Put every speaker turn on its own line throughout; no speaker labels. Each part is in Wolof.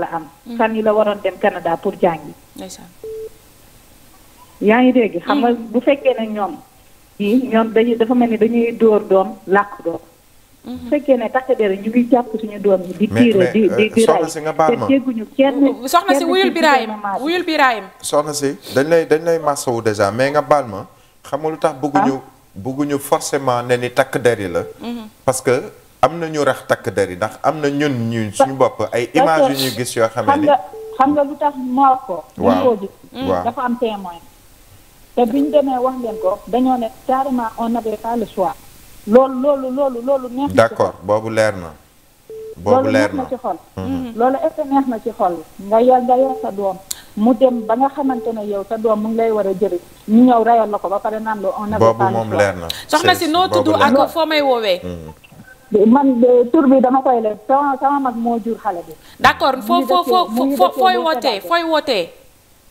la am. fan yi la waroon dem Canada pour jàngi. yaa ngi dégg xam nga mm. bu fekkee ne ñoom. yi ñoom dañuy dafa mel ni dañuy dóor doom làkk doom. bu mm-hmm. fekkee ne takk der ñu ngi jàpp suñu doom yi. di tiire euh, di di di ray te
dégguñu kenn. soxna si wuyul Birahim wuyul Birahim.
soxna si dañ lay dañ lay masawu déjà mais nga baal ma. xam nga lu tax bëgguñu forsement ah? forcément ne ni takk der yi la. Mm-hmm. parce que am na ñu rax takk der yi ndax am na ñun ñu suñu bopp ay image yu ñu gis yoo xam ne
xam nga lu tax mu ko waaw mm. dafa am témoin te bi demee wax leen ko dañoo ne carrément on n'avait pas le choix loolu loolu loolu na
boobu leer na boobu leer na ci
xol mm-hmm. Mm-hmm. loolu na ci xol nga yar nga yar sa doom mu dem ba nga xamante ne yow sa doom mu ngi lay war a jëriñ ñu ñëw rayal la ko ba pare naan la on n'avait pas le choix boobu moom leer
na soxna si noo tudd ak foo may woowee mm-hmm.
man tur bi dama koy leb sama sama mag moo jur xale bi.
d'accord foo foo foo foo fooy wootee fooy wootee.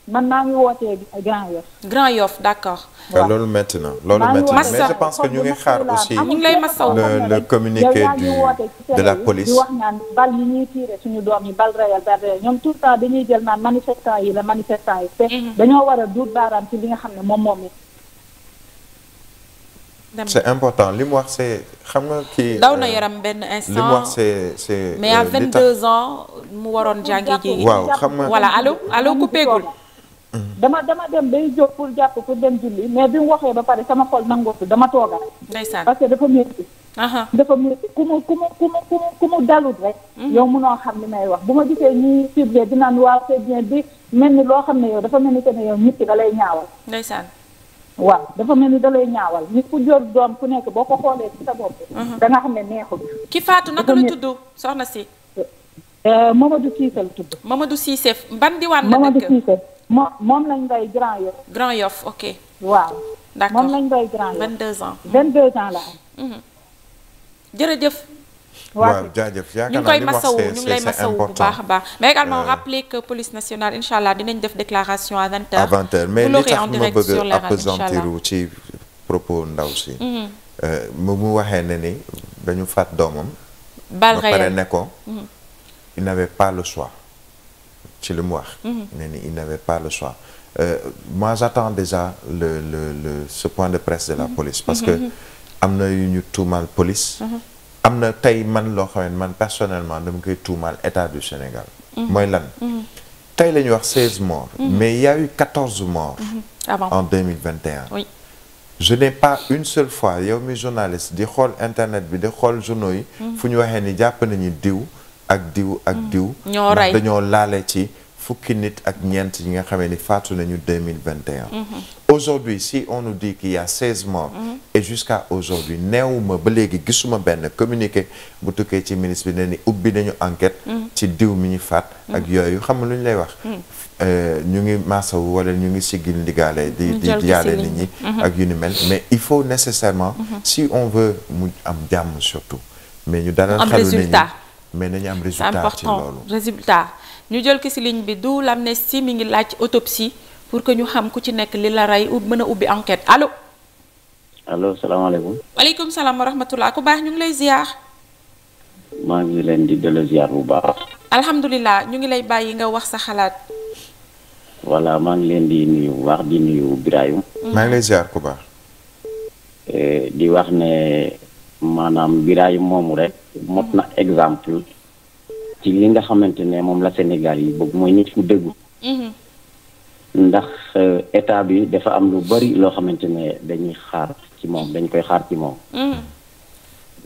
man maa ngi wootee Grand Yoff. Grand Yoff d'accord.
Ah, waaw loolu métti na loolu métti na mais je pense que ñu ngi xaar aussi ñu ngi lay masaw le le communiqué du de la police. di wax
naan bal yi ñuy tiire suñu doom yi bal réel bal réel ñoom tout le temps dañuy jël naan manifestant yi la manifestant yi. te mhm. dañoo war a duut baaraam ci li nga xam ne
moom moom it.
c'est important li mu wax c'est xam nga kii. daw na euh, yaram benn instant li mu wax mais euh, à 22
ans mu waroon jàngi
ji. waaw xam nga voilà
allo allo coupé gul. dama dama dem bay jóg pour jàpp
pour dem julli mais bi mu waxee ba pare sama xol nangootu dama tooga. ndeysaan parce que dafa métti. dafa métti ku mu ku mu ku mu ku mu ku mu dalut rek. Mhm. yow mënoo xam li may wax bu ma gisee ñuy ciblé dinaan waaw c'est bien bi mel ni loo xam ne yow dafa mel ni que ne yow nit ki lay ñaawal. ndeysaan. waaw dafa mel ni da ñaawal nit ku jor doom ku nekk boo ko xoolee ci sa bopp. Mhm. da nga xam ne neexul.
ki faatu naka la tudd soxna si.
Euh, Mamadou Cissé la
tudd. Mamadou Cissé ban diwaan la dëkk Mamadou Cissé moom lañ bay Grand Yoff. Grand Yoff ok. waaw d'accord moom lañ bay Grand Yoff. 22 ans 22 ans la am. Mhm. jërëjëf.
waaw jaajëf yaakaar naa li wax c'est ñu ngi baax a
baax. mais également euh. rappeler que police nationale incha allah dinañ def déclaration à 20h. à 20h mais li tax ma bëgg a appesantir
ci propos ndaw si. Mhm. Euh, mu mu waxee ne ni dañu faat doomam.
bal réel ba ko. Mhm.
il n'avait pas le choix. ci li mu wax. Mhm. ne ni il n'avait pas le choix. Euh, moi j'attends déjà le le le ce point de presse de la police. parce que am na yu ñu tuumaal police. am na tey man loo xam ne man personnellement dama koy tuumaal état du Sénégal. Mhm. mooy lan. Mhm. tey la ñuy wax seize morts. Mhm. mais il y a eu quatorze morts. Ah en deux mille vingt et un. oui je n'ai pas une seule fois yow mi journaliste di xool internet bi di xool journaux yi. fu ñu waxee ni jàpp nañu diw ak diw ak diw. ñoo rey dañoo laale ci. fukki nit ak ñeent yi nga xamee ni faatu nañu 2021 mm-hmm. aujourd'hui si on nous di qu'il y a 16 morts mm -hmm. et jusqu'à aujourd'hui neewuma ba léegi gisuma benn communiqué bu tukkee ci ministre bi ne ni ubbi nañu enquête mm-hmm. ci diw mi ñu faat mm-hmm. ak yooyu xam lu ñu lay wax euh, ñu ngi maasawu wala ñu ngi siggil ndigaale di di yaale nit ñi ak yu ni mel mais il faut nécessairement mm si on veut mu am jàmm surtout mais ñu dalal xelu nit ñi mais nañu am résultat ci loolu
ñu jël ki si ligne bi du sii mi ngi laaj autopsie pour que ñu xam ku ci nekk li la rey ou mën a ubbi enquête alo
allo salaamaaleykum.
waaleykum salaam wa ku baax ñu ngi lay ziar.
maa ngi leen di delloo ziar bu baax.
alhamdulilah ñu ngi lay bàyyi nga wax sa xalaat.
voilà maa ngi leen di nuyu bu baax di nuyu Birayim. maa ngi lay ziar ku baax. Eh, di wax ne maanaam Birayim moomu rek mot na exemple. ci li nga xamante ne moom la Sénégal yi bëgg mooy nit ku déggu mhm. ndax euh, état bi dafa am lu bari loo xamante ne dañuy xaar ci moom dañ koy xaar ci moom mhm.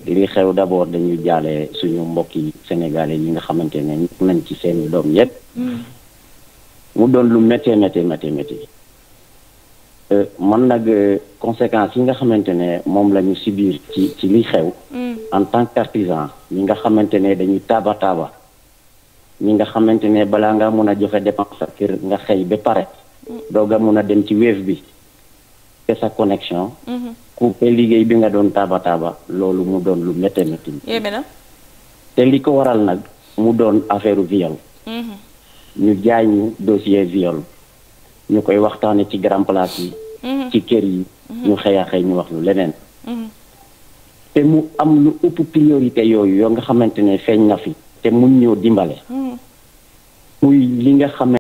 li xew d'abord dañuy jaale suñu mbokki sénégalais yi nga xamante ne ñàkk nañ ci seeni doom yépp mhm. mu doon lu méttee méttee méttee méttee euh, man nag euh, conséquences yi nga xamante ne moom la ñu subir ci ci li xew en tant qu'artisan ñi nga xamante ne dañuy taaba taaba ñi nga xamante ne balaa nga mun a joxe dépense sa kër nga xëy ba pare doog a mun a dem ci wéef bi te sa connexion mm-hmm. coupé liggéey bi nga doon taaba taaba loolu mu doon lu métti métti te li ko waral nag mu doon affaire viol mm-hmm. ñu jaay ñu dossier viol ñu koy waxtaane ci grand place yi mm-hmm. ci kër yi ñu xëy a xëy ñu wax lu leneen te mu am lu ëpp priorité yooyu yoo nga xamante ne feeñ na fi te mu ñëw dimbale hmm.
muy li nga xam